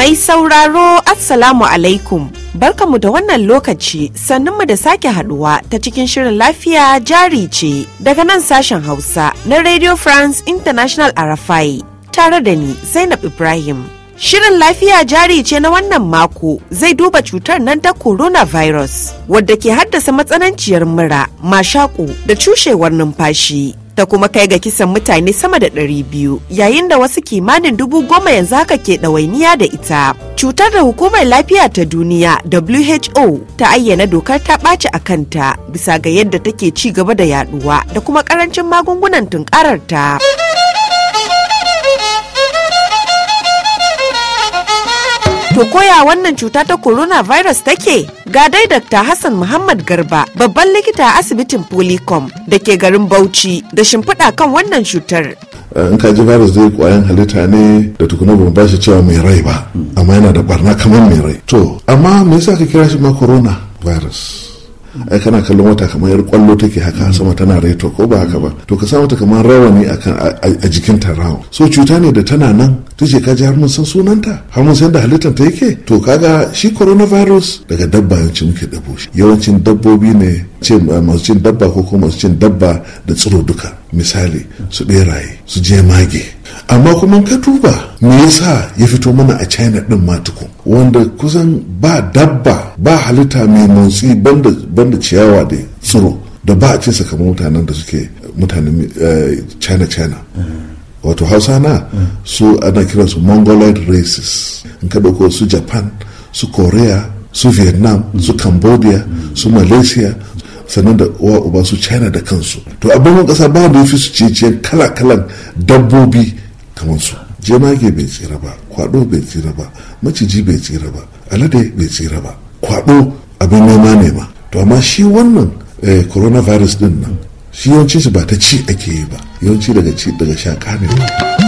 Mai sauraro Assalamu alaikum. mu da wannan lokaci sannunmu da sake haduwa ta cikin shirin lafiya jari ce daga nan sashen Hausa na Radio France International Arafai tare da ni Zainab Ibrahim. Shirin lafiya jari ce na wannan mako zai duba cutar nan ta coronavirus wadda ke haddasa matsananciyar mura, mashaku da cushewar numfashi. ta kuma kai ga kisan mutane sama da ɗari biyu, yayin da wasu kimanin dubu goma yanzu haka ke ɗawainiya da ita. Cutar da hukumar lafiya ta duniya WHO ta ayyana dokar ta ɓaci a kanta bisa ga yadda take ci gaba da yaduwa da kuma ƙarancin magungunan tunkarar ta. To koya wannan cuta ta coronavirus take? Ga dai Dr. Hassan Muhammad Garba, babban likita a asibitin Polycom da ke garin Bauchi da shimfiɗa kan wannan cutar. Eh, in ka ji virus zai kwayan halitta ne da tukuna ban shi cewa mai rai ba hmm. amma yana da barna kamar mai rai to amma me yasa ka kira shi ma corona virus ai kana kallon wata kamar yar kwallo take haka sama tana reto ko ba haka ba to ka sa mata kamar rawani kan a jikin ta rawo so cuta ne da tana nan ta ce ka ji har mun san sunanta har mun san da halittar ta yake to kaga shi coronavirus daga dabba yawanci muke dabo shi yawancin dabbobi ne ce masu cin dabba ko kuma masu cin dabba da tsiro duka misali su beraye su je mage amma kuma ka duba me yasa ya fito mana a china din ma wanda kusan ba dabba ba halitta mai motsi banda, banda ciyawa da tsiro da ba a ce sakamakon mutanen da suke mutanen eh, china china mm-hmm. wato hausa na mm-hmm. su ana kiransu mongoloid races in ka dauko su japan su korea su vietnam mm-hmm. su cambodia su malaysia sannan da uwa uba su china da kansu to a kasa ba da ya fi su ciye kala-kalan dabbobi kamar su jemage bai tsira ba kwado bai tsira ba maciji bai tsira ba alade bai tsira ba kwado abin nema ne ma to amma shi wannan eh, coronavirus din nan shi yawancinsu ba ta ci ake yi ba yawanci daga ci daga shaka ne ba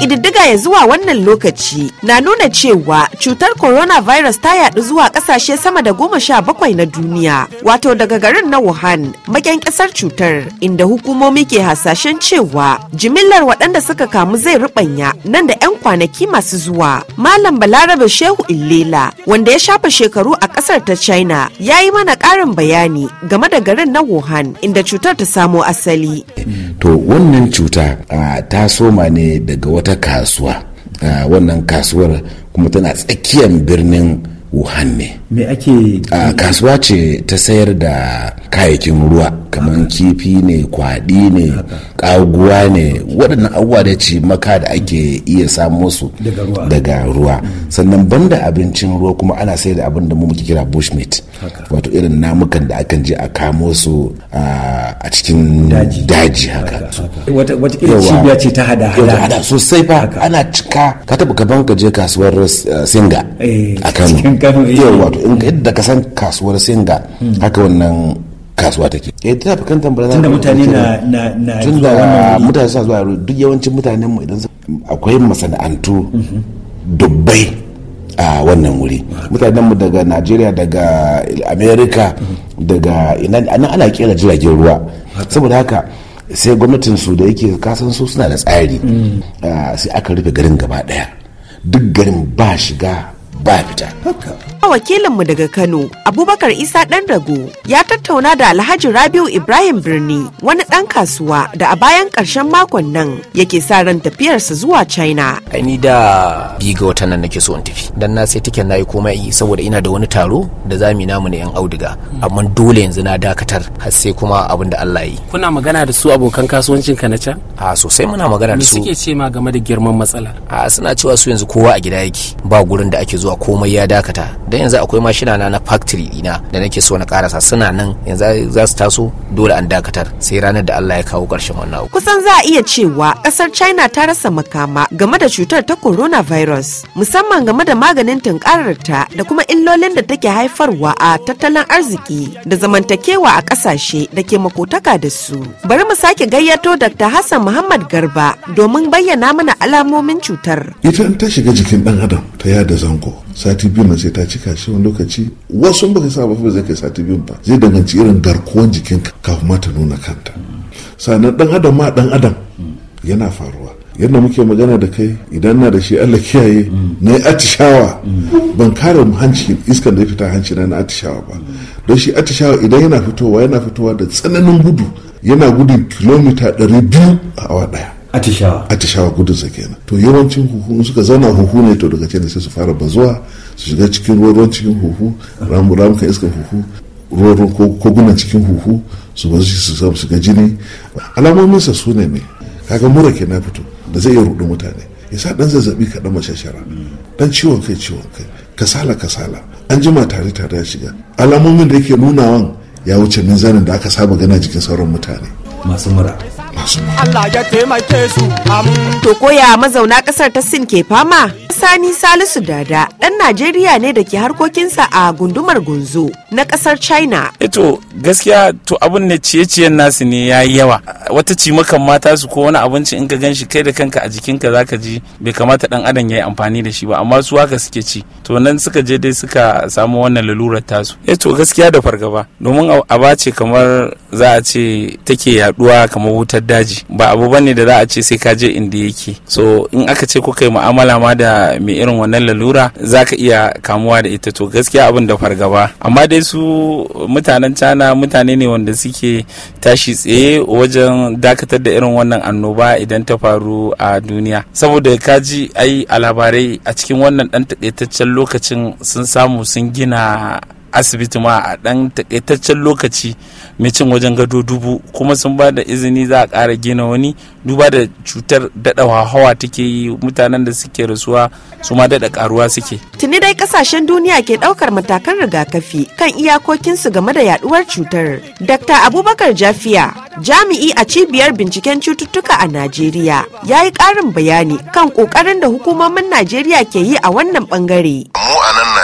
Ƙididdiga ya zuwa wannan lokaci na nuna cewa cutar coronavirus ta yaɗu zuwa ƙasashe sama da goma sha bakwai na duniya, wato daga garin na Wuhan, maƙyan kasar cutar, inda hukumomi ke hasashen cewa jimillar waɗanda suka kamu zai rubanya nan da 'yan kwanaki masu zuwa. Malam Balarabe Shehu Illela, wanda ya shafa shekaru a ƙasar ta China, ya yi mana ƙarin bayani game da garin na Wuhan, inda cutar ta samo asali. To wannan cuta ah, ta soma ne daga wata ta kasuwa ah, wannan kasuwar kuma tana tsakiyar birnin wuhan ne ah, kasuwa ce ta sayar da kayayyakin ruwa kamar kifi ne kwaɗi ne ƙaguwa ne waɗannan abubuwa da ce maka da ake iya samo su daga ruwa mm. sannan banda abincin ruwa kuma ana sai da abin da mu muke kira bushmeat wato irin namukan da akan je a kamo su a cikin daji haka wata cibiya ce ta hada hada sosai fa ana cika ka taba gaban ka je kasuwar uh, singa eh, a kano eh. yawa wato in ka ka san kasuwar singa mm. haka wannan kasuwa take eh tana fuskantar barazana tunda mutane na na na tunda mutane suna zuwa duk yawancin mutanen mu idan akwai masana'antu dubbai a wannan wuri mutanen mu daga Najeriya daga America daga ina ana kera jiragen ruwa saboda haka sai gwamnatin su da yake kasan su suna da tsari mm. ah, sai aka rufe garin gaba daya duk garin ba shiga ba fita. a wakilinmu daga Kano, Abubakar Isa ɗan rago ya tattauna da Alhaji Rabiu Ibrahim Birni, wani ɗan kasuwa da a bayan ƙarshen makon nan yake sa ran tafiyarsa zuwa China. Ni da biga wata nan nake so in tafi. Dan na sai tiken nayi komai saboda ina da wani taro da zami namu na yan auduga. Hmm. Amma dole yanzu na dakatar har sai kuma abin da Allah yi. Kuna magana da su abokan kasuwancin ka na can? A sosai muna magana da su. Me suke ce ma game da girman matsalar? A suna cewa su yanzu kowa a gida yake ba gurin da ake zuwa zuwa komai ya dakata dan yanzu akwai mashina na na factory dina da nake so na karasa suna nan yanzu za su taso dole an dakatar sai ranar da Allah ya kawo karshen wannan kusan za a iya cewa ƙasar China ta rasa makama game da cutar ta coronavirus musamman game da maganin tunkarar ta da kuma illolin da take haifarwa a tattalin arziki da zamantakewa a kasashe da ke makotaka da su bari mu sake gayyato Dr. Hassan Muhammad Garba domin bayyana mana alamomin cutar ita ta shiga jikin dan adam ta yada zango sati biyu na sai ta cika shi wani lokaci wasu baka saba ba zai kai sati biyu ba zai danganci irin garkuwan jikinka kafin ma ta nuna kanta sannan dan adam ma dan adam yana faruwa yadda muke magana da kai idan na da shi allah kiyaye na yi atishawa ban kare hanci iskan da ya fita hanci na atishawa ba don shi atishawa idan yana fitowa yana fitowa da tsananin gudu yana gudun kilomita 200 a awa daya atishawa atishawa gudun sa kenan to yawancin huhu suka zauna huhu ne to daga can sai su fara bazuwa su shiga cikin ruwan cikin huhu ramu ka iska huhu ruwan kogunan cikin huhu su bazu su samu su jini alamomin sa sune ne kaga mura ke na fito da zai iya rudu mutane yasa dan zazzabi kaɗan mashashara dan ciwon kai ciwon kai kasala kasala an jima tare tare ya shiga alamomin da yake nunawan ya wuce zanen da aka saba gana jikin sauran mutane masu mura Allah ya taimake su to koya mazauna kasar ta Sin ke fama Sani Salisu Dada ɗan Najeriya ne da ke harkokinsa a gundumar Gunzo na ƙasar China. Ito eh gaskiya to abin da ciye-ciyen nasu ne ya yi yawa. Wata cimakan mata su ko wani abinci in ka gan shi kai da kanka a jikinka za ka ji bai kamata ɗan adam ya yi amfani da shi ba amma su haka suke ci. To nan suka je dai suka samu wannan lalurar tasu. Ito eh gaskiya da fargaba domin ba ce kamar za a ce take yaduwa kamar wutar daji ba abu bane da za a ce sai ka je inda yake. So in aka ce kuka yi mu'amala ma da mai irin wannan lalura za ka iya kamuwa da ita to gaskiya abin da fargaba amma dai su mutanen cana mutane ne wanda suke tashi tsaye wajen dakatar da irin wannan annoba idan ta faru a duniya saboda ka ji ai a labarai a cikin wannan dan takaitaccen lokacin sun samu sun gina asibiti ma a ɗan takaitaccen lokaci mai cin wajen gado dubu kuma sun ba da izini za a ƙara gina wani duba da cutar daɗa hawa take yi mutanen da suke rasuwa su ma daɗa ƙaruwa suke. tuni dai ƙasashen duniya ke ɗaukar matakan rigakafi kan iyakokinsu game da yaɗuwar cutar. dr abubakar jafiya jami'i a cibiyar binciken cututtuka a najeriya ya yi ƙarin bayani kan ƙoƙarin da hukumomin najeriya ke yi a wannan ɓangare.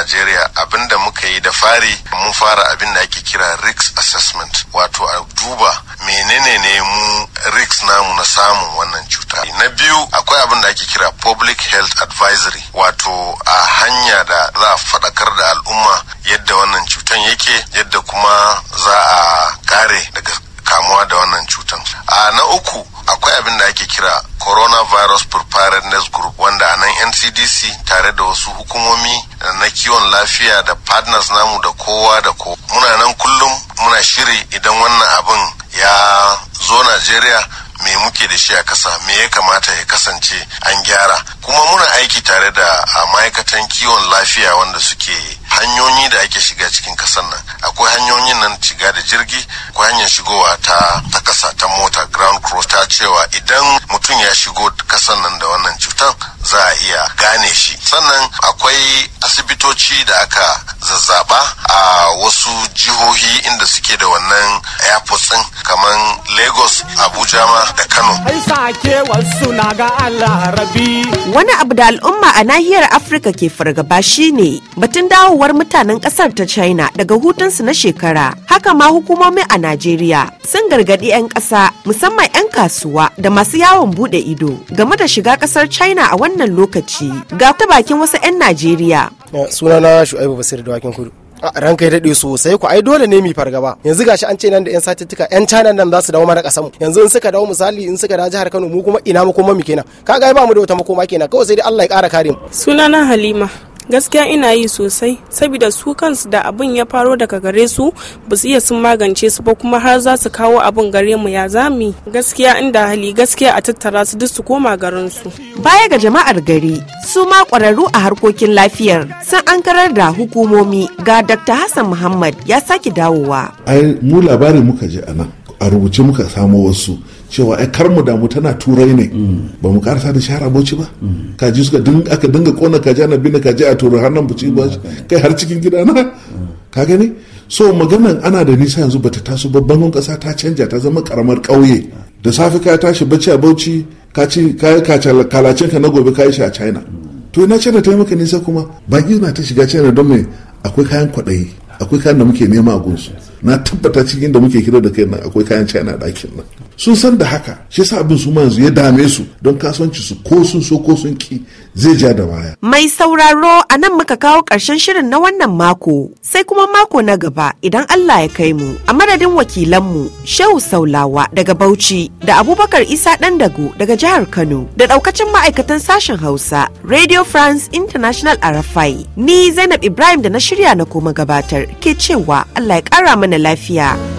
Najeriya da muka yi da fari mun fara abin da ake kira risk assessment wato a duba menene ne mu risk namu na samun wannan cuta. Na biyu akwai abin da ake kira public health advisory wato a hanya da za a faɗakar da al'umma yadda wannan cutan yake yadda kuma za a kare daga kamuwa da wannan cutan a na uku akwai abin da ake kira coronavirus preparedness group wanda a nan ncdc tare da wasu hukumomi na kiwon lafiya da partners namu da kowa da kowa muna nan kullum muna shiri idan wannan abin ya zo najeriya me muke da shi a kasa me ya kamata ya kasance an gyara kuma muna aiki tare da ma'aikatan kiwon lafiya wanda suke hanyoyi da ake shiga cikin kasan nan akwai hanyoyin nan shiga da jirgi ko hanyar shigowa ta ta kasa ta mota ground cross ta cewa idan mutum ya shigo kasan nan da wannan cutar za a iya gane shi sannan akwai asibitoci da aka zazzaba a wasu jihohi inda suke da wannan airport din kamar lagos abuja ma da Kano. Wani abu da al'umma a nahiyar Afirka ke fargaba shi ne batun dawowar mutanen kasar ta China daga hutunsu na shekara. Haka ma hukumomi a Najeriya sun gargadi 'yan ƙasa musamman 'yan kasuwa da masu yawon bude ido game da shiga ƙasar China a wannan lokaci. Ga ta bakin wasu 'yan Najeriya. Eh, sunana Shu'aibu Basir da Wakin Kudu. a ranka ya daɗe sosai ku ai dole ne mu fargaba yanzu gashi an ce nan da yan satuttuka yan China nan za su dawo mana kasan yanzu in suka dawo misali in suka dawo jihar Kano mu kuma ina mu kuma mu kenan kaga ai ba mu da wata makoma kenan kawai sai dai Allah ya ƙara kare mu sunana Halima gaskiya ina yi sosai saboda su kansu da abin ya faro daga gare su ba su iya sun magance su ba kuma har za su kawo abin gare mu ya zami gaskiya inda hali gaskiya a tattara su duk su koma garin su baya ga jama'ar gari su ma kwararru a harkokin lafiyar sun an karar da hukumomi ga dr hassan muhammad ya sake dawowa ai mu labarin muka je nan a rubuce muka samo wasu cewa ai kar mu damu tana turai ne ba mu karasa da shahara bauchi ba kaji suka aka dinga kona kaji ana bin kaji a turai har nan ci ba kai har cikin gida na ka gani so maganan ana da nisa yanzu bata taso bangon kasa ta canja ta zama karamar kauye. da safe ka tashi bacci a bauchi ka ci kalacin ka na gobe ka yi shi a china to ina china ta maka nisa kuma baki na ta shiga china don me akwai kayan kwaɗayi akwai kayan da muke nema a gunsu na tabbata cikin da muke kira da kai na akwai kayan china ɗakin nan sun san da haka shi yasa abin su yanzu ya dame su don kasuwanci su ko sun so ko sun ki zai ja da baya mai sauraro a nan muka kawo ƙarshen shirin na wannan mako sai kuma mako na gaba idan Allah ya kai mu a madadin wakilanmu Shehu Saulawa daga Bauchi da Abubakar Isa Dandago daga jihar Kano da daukacin ma'aikatan sashen Hausa Radio France International Arafai ni Zainab Ibrahim da na shirya na koma gabatar ke cewa Allah ya ƙara mana lafiya.